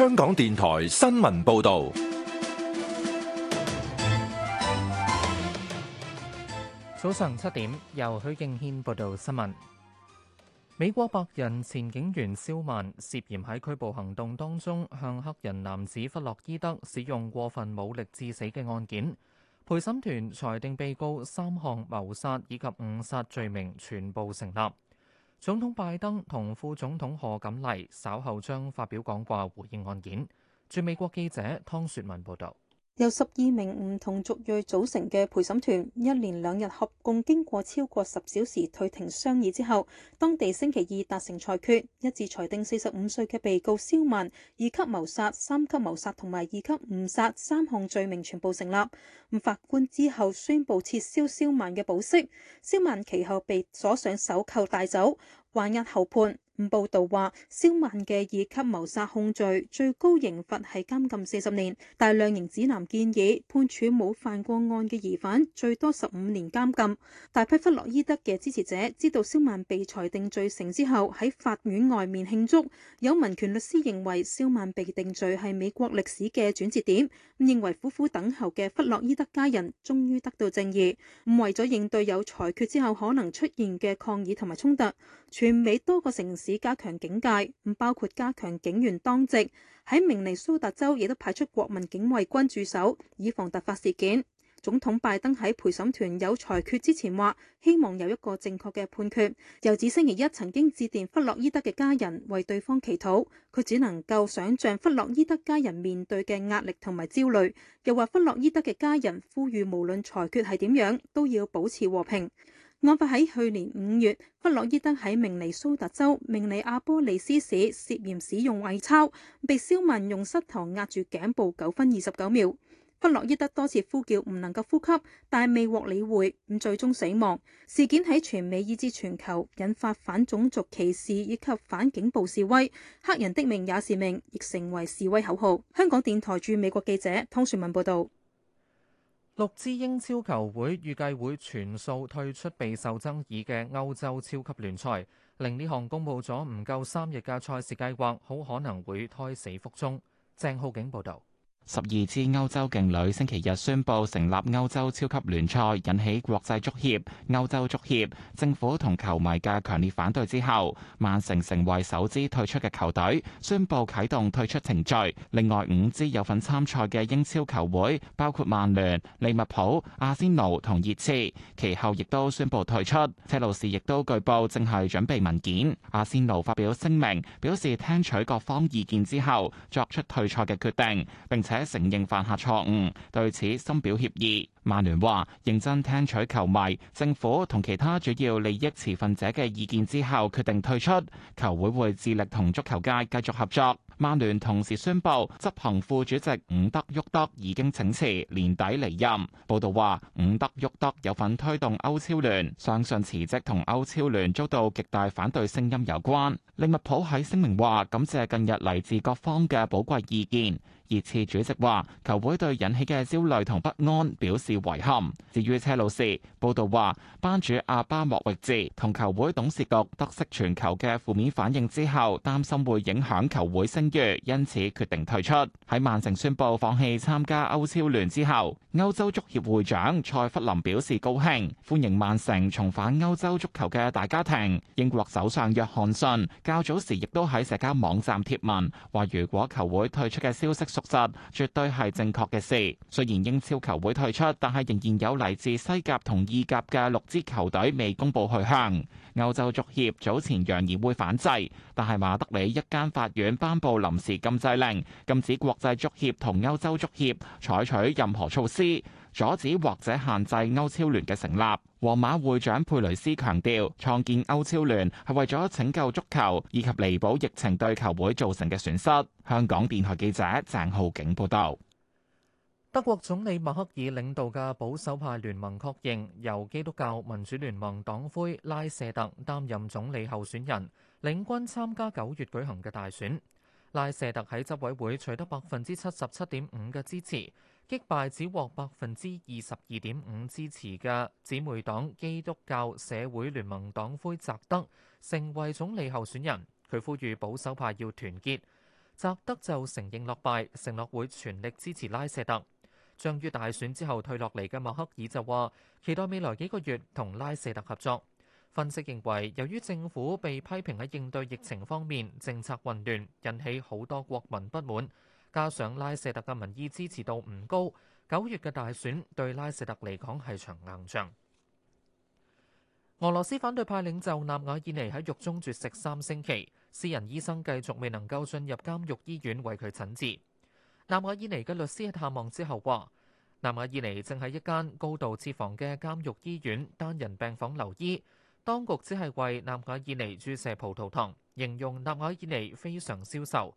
香港電台新聞報道，早上七點，由許敬軒報道新聞。美國白人前警員肖曼涉嫌喺拘捕行動當中向黑人男子弗洛伊德使用過分武力致死嘅案件，陪審團裁定被告三項謀殺以及誤殺罪名全部成立。總統拜登同副總統賀錦麗稍後將發表講話回應案件。駐美國記者湯雪文報道。由十二名唔同族裔組成嘅陪審團，一連兩日合共經過超過十小時退庭商議之後，當地星期二達成裁決，一致裁定四十五歲嘅被告蕭曼、二級謀殺、三級謀殺同埋二級誤殺三項罪名全部成立。法官之後宣布撤銷蕭曼嘅保釋，蕭曼其後被鎖上手銬帶走，還押候判。報道話，肖曼嘅二級謀殺控罪最高刑罰係監禁四十年。大量刑指南建議判處冇犯過案嘅疑犯最多十五年監禁。大批弗洛伊德嘅支持者知道肖曼被裁定罪成之後，喺法院外面慶祝。有民權律師認為肖曼被定罪係美國歷史嘅轉折點，認為苦苦等候嘅弗洛伊德家人終於得到正義。咁為咗應對有裁決之後可能出現嘅抗議同埋衝突，全美多個城市，加強警戒，唔包括加強警員當值。喺明尼蘇達州，亦都派出國民警衛軍駐守，以防突發事件。總統拜登喺陪審團有裁決之前，話希望有一個正確嘅判決。又指星期一曾經致電弗洛伊德嘅家人，為對方祈禱。佢只能夠想象弗洛伊德家人面對嘅壓力同埋焦慮，又話弗洛伊德嘅家人呼籲，無論裁決係點樣，都要保持和平。案發喺去年五月，弗洛伊德喺明尼蘇達州明尼阿波利斯市涉嫌使用偽鈔，被蕭文用膝頭壓住頸部九分二十九秒。弗洛伊德多次呼叫唔能夠呼吸，但未獲理會，咁最終死亡。事件喺全美以至全球引發反種族歧視以及反警暴示威，黑人的命也是命，亦成為示威口號。香港電台駐美國記者湯雪文報道。六支英超球會預計會全數退出備受爭議嘅歐洲超級聯賽，令呢項公佈咗唔夠三日嘅賽事計劃，好可能會胎死腹中。鄭浩景報道。十二支歐洲勁旅星期日宣布成立歐洲超級聯賽，引起國際足協、歐洲足協、政府同球迷嘅強烈反對之後，曼城成為首支退出嘅球隊，宣布啟動退出程序。另外五支有份參賽嘅英超球會，包括曼聯、利物浦、阿仙奴同熱刺，其後亦都宣布退出。車路士亦都據報正係準備文件。阿仙奴發表聲明，表示聽取各方意見之後，作出退賽嘅決定，並且，承認犯下錯誤，對此深表歉意。曼聯話認真聽取球迷、政府同其他主要利益持份者嘅意見之後，決定退出。球會會致力同足球界繼續合作。曼聯同時宣布執行副主席伍德沃德已經請辭，年底離任。報道話伍德沃德有份推動歐超聯，相信辭職同歐超聯遭到極大反對聲音有關。利物浦喺聲明話感謝近日嚟自各方嘅寶貴意見。熱刺主席話：球會對引起嘅焦慮同不安表示遺憾。至於車路士，報道話班主阿巴莫域治同球會董事局得悉全球嘅負面反應之後，擔心會影響球會聲譽，因此決定退出。喺曼城宣布放棄參加歐超聯之後，歐洲足協會長蔡弗林表示高興，歡迎曼城重返歐洲足球嘅大家庭。英國首相約翰遜較早時亦都喺社交網站貼文，話如果球會退出嘅消息，落實絕對係正確嘅事。雖然英超球會退出，但係仍然有嚟自西甲同意甲嘅六支球隊未公佈去向。歐洲足協早前揚言會反制，但係馬德里一間法院頒布臨時禁制令，禁止國際足協同歐洲足協採取任何措施。阻止或者限制歐超聯嘅成立。皇馬會長佩雷斯強調，創建歐超聯係為咗拯救足球以及彌補疫情對球會造成嘅損失。香港電台記者鄭浩景報道。德國總理默克爾領導嘅保守派聯盟確認，由基督教民主聯盟黨魁拉舍特擔任總理候選人，領軍參加九月舉行嘅大選。拉舍特喺執委會取得百分之七十七點五嘅支持。擊敗只獲百分之二十二點五支持嘅姊妹黨基督教社會聯盟黨魁澤德，成為總理候選人。佢呼籲保守派要團結。澤德就承認落敗，承諾會全力支持拉舍特。將於大選之後退落嚟嘅默克爾就話，期待未來幾個月同拉舍特合作。分析認為，由於政府被批評喺應對疫情方面政策混亂，引起好多國民不滿。加上拉舍特嘅民意支持度唔高，九月嘅大選對拉舍特嚟講係場硬仗。俄羅斯反對派領袖納瓦爾尼喺獄中絕食三星期，私人醫生繼續未能夠進入監獄醫院為佢診治。納瓦爾尼嘅律師探望之後話，納瓦爾尼正喺一間高度設防嘅監獄醫院單人病房留醫，當局只係為納瓦爾尼注射葡萄糖，形容納瓦爾尼非常消瘦。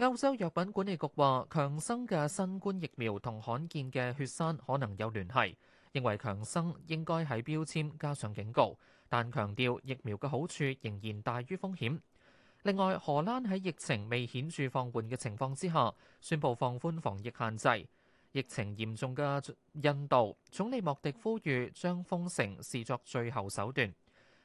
歐洲藥品管理局話，強生嘅新冠疫苗同罕見嘅血栓可能有聯繫，認為強生應該喺標籤加上警告，但強調疫苗嘅好處仍然大於風險。另外，荷蘭喺疫情未顯著放緩嘅情況之下，宣布放寬防疫限制。疫情嚴重嘅印度，總理莫迪呼籲將封城視作最後手段。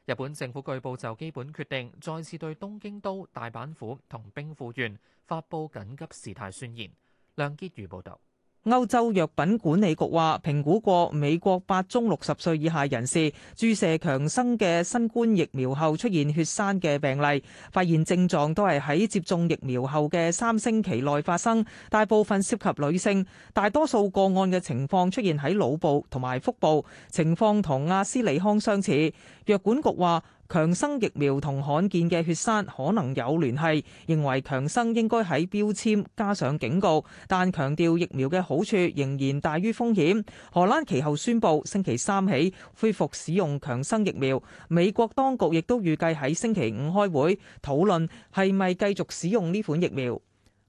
日本政府據報就基本決定再次對東京都、大阪府同兵庫縣發佈緊急事態宣言。梁潔如報導。歐洲藥品管理局話，評估過美國八宗六十歲以下人士注射強生嘅新冠疫苗後出現血栓嘅病例，發現症狀都係喺接種疫苗後嘅三星期內發生，大部分涉及女性，大多數個案嘅情況出現喺腦部同埋腹部，情況同阿斯利康相似。藥管局話。強生疫苗同罕見嘅血栓可能有聯繫，認為強生應該喺標籤加上警告，但強調疫苗嘅好處仍然大於風險。荷蘭其後宣布星期三起恢復使用強生疫苗，美國當局亦都預計喺星期五開會討論係咪繼續使用呢款疫苗。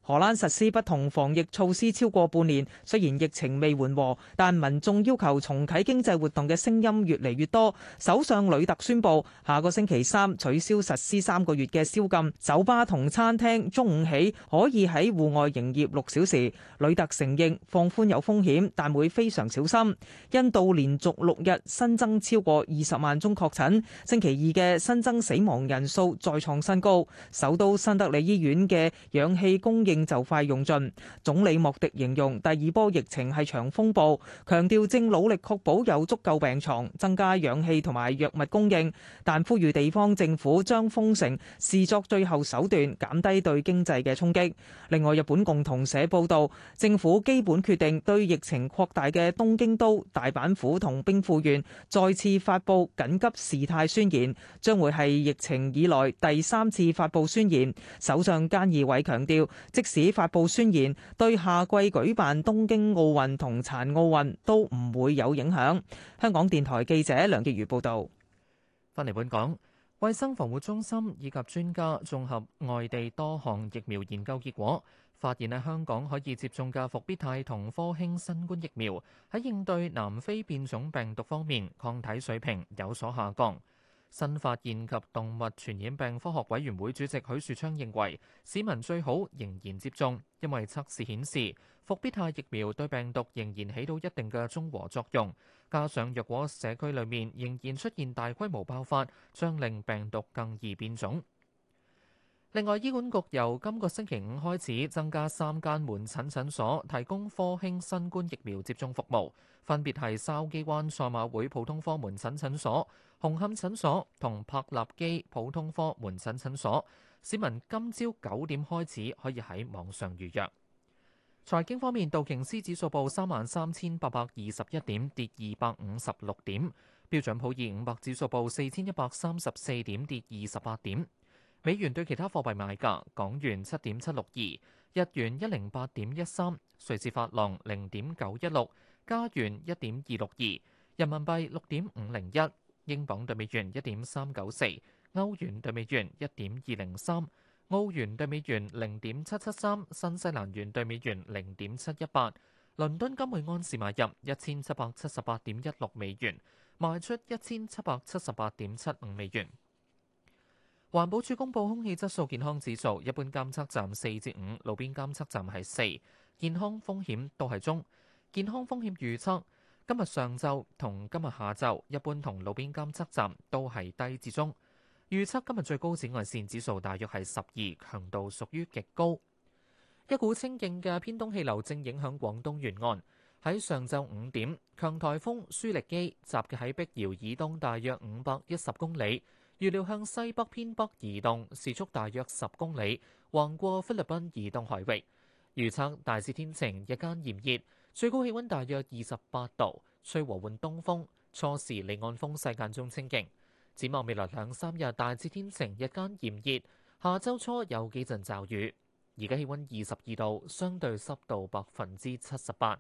荷蘭實施不同防疫措施超過半年，雖然疫情未緩和，但民眾要求重啟經濟活動嘅聲音越嚟越多。首相呂特宣布，下個星期三取消實施三個月嘅宵禁，酒吧同餐廳中午起可以喺戶外營業六小時。呂特承認放寬有風險，但會非常小心。印度連續六日新增超過二十萬宗確診，星期二嘅新增死亡人數再創新高。首都新德里醫院嘅氧氣供應就快用盡。總理莫迪形容第二波疫情係場風暴，強調正努力確保有足夠病床、增加氧氣同埋藥物供應，但呼籲地方政府將封城視作最後手段，減低對經濟嘅衝擊。另外，日本共同社報導，政府基本決定對疫情擴大嘅東京都、大阪府同兵庫縣再次發布緊急事態宣言，將會係疫情以來第三次發布宣言。首相菅義偉強調，即市發布宣言，對夏季舉辦東京奧運同殘奧運都唔會有影響。香港電台記者梁潔如報道。翻嚟本港，衞生防護中心以及專家綜合外地多項疫苗研究結果，發現喺香港可以接種嘅復必泰同科興新冠疫苗喺應對南非變種病毒方面，抗體水平有所下降。新發現及動物傳染病科學委員會主席許樹昌認為，市民最好仍然接種，因為測試顯示復必泰疫苗對病毒仍然起到一定嘅中和作用。加上若果社區裡面仍然出現大規模爆發，將令病毒更易變種。另外，醫管局由今個星期五開始增加三間門診診所提供科興新冠疫苗接種服務，分別係筲箕灣賽馬會普通科門診診所、紅磡診所同柏立基普通科門診診所。市民今朝九點開始可以喺網上預約。財經方面，道瓊斯指數報三萬三千八百二十一點，跌二百五十六點；標準普爾五百指數報四千一百三十四點，跌二十八點。美元對其他貨幣買價：港元七點七六二，日元一零八點一三，瑞士法郎零點九一六，加元一點二六二，人民幣六點五零一，英鎊對美元一點三九四，歐元對美元一點二零三，澳元對美元零點七七三，新西蘭元對美元零點七一八。倫敦金每安時買入一千七百七十八點一六美元，賣出一千七百七十八點七五美元。環保署公布空氣質素健康指數，一般監測站四至五，路邊監測站係四，健康風險都係中。健康風險預測今日上晝同今日下晝，一般同路邊監測站都係低至中。預測今日最高紫外線指數大約係十二，強度屬於極高。一股清勁嘅偏東氣流正影響廣東沿岸。喺上晝五點，強颱風舒力基集嘅喺碧瑤以東大約五百一十公里。預料向西北偏北移動，時速大約十公里，橫過菲律賓移動海域。預測大致天晴，日間炎熱，最高氣溫大約二十八度，吹和緩東風。初時離岸風勢間中清勁。展望未來兩三日大致天晴，日間炎熱。下周初有幾陣驟雨。而家氣溫二十二度，相對濕度百分之七十八。